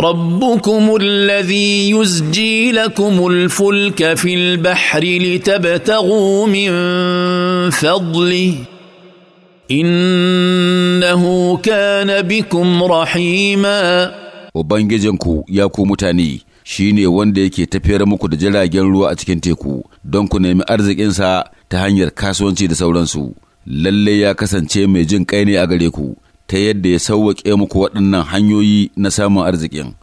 ربكم الذي يزجي لكم الفلك في البحر لتبتغوا من فضله إنه كان بكم رحيما Ubangijinku ya ku mutane shi ne wanda yake tafiyar muku da jiragen ruwa a cikin teku don ku nemi arzikinsa ta hanyar kasuwanci da sauransu, lalle ya kasance mai jin kai ne a gare ku. ta yadda ya sauwaƙe muku waɗannan hanyoyi na samun arzikin.